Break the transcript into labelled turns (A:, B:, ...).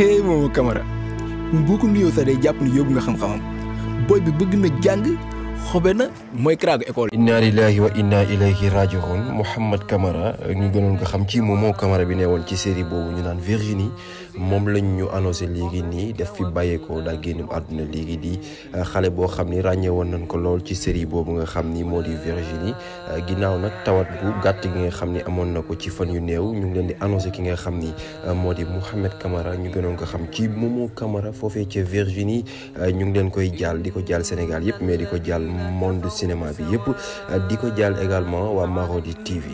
A: hey Momo Camara
B: boo ko nuyoo sax day jàpp ne yóbbu nga xam-xamam booy bi bëgg na jàng
C: xobena moy kraagu école inna lillahi wa inna ilayhi rajiun Muhammad Kamara. ñu gënoon nga xam ci moom moo Camara bi neewon ci série boobu ñu naan Virginie mom lañ ñu annoncer léegi ni def fi ko da génn aduna léegi di euh, xalé bo xamni ni ràññee nañ ko lool ci série boobu nga xamni ni Virginie euh, ginaaw nak tawat gu gatt gi nga xamni amon nako ci fan yu neew ñu ngi leen di annoncer ki nga xamni euh, modi mohammed kamara ñu gënoon ko xam ci Momo Kamara, fofé ci Virginie ñu ngi leen koy jaal di ko jaal Sénégal yépp mais diko ko jaal monde cinéma bi pour di ko ou également waa Marodi TV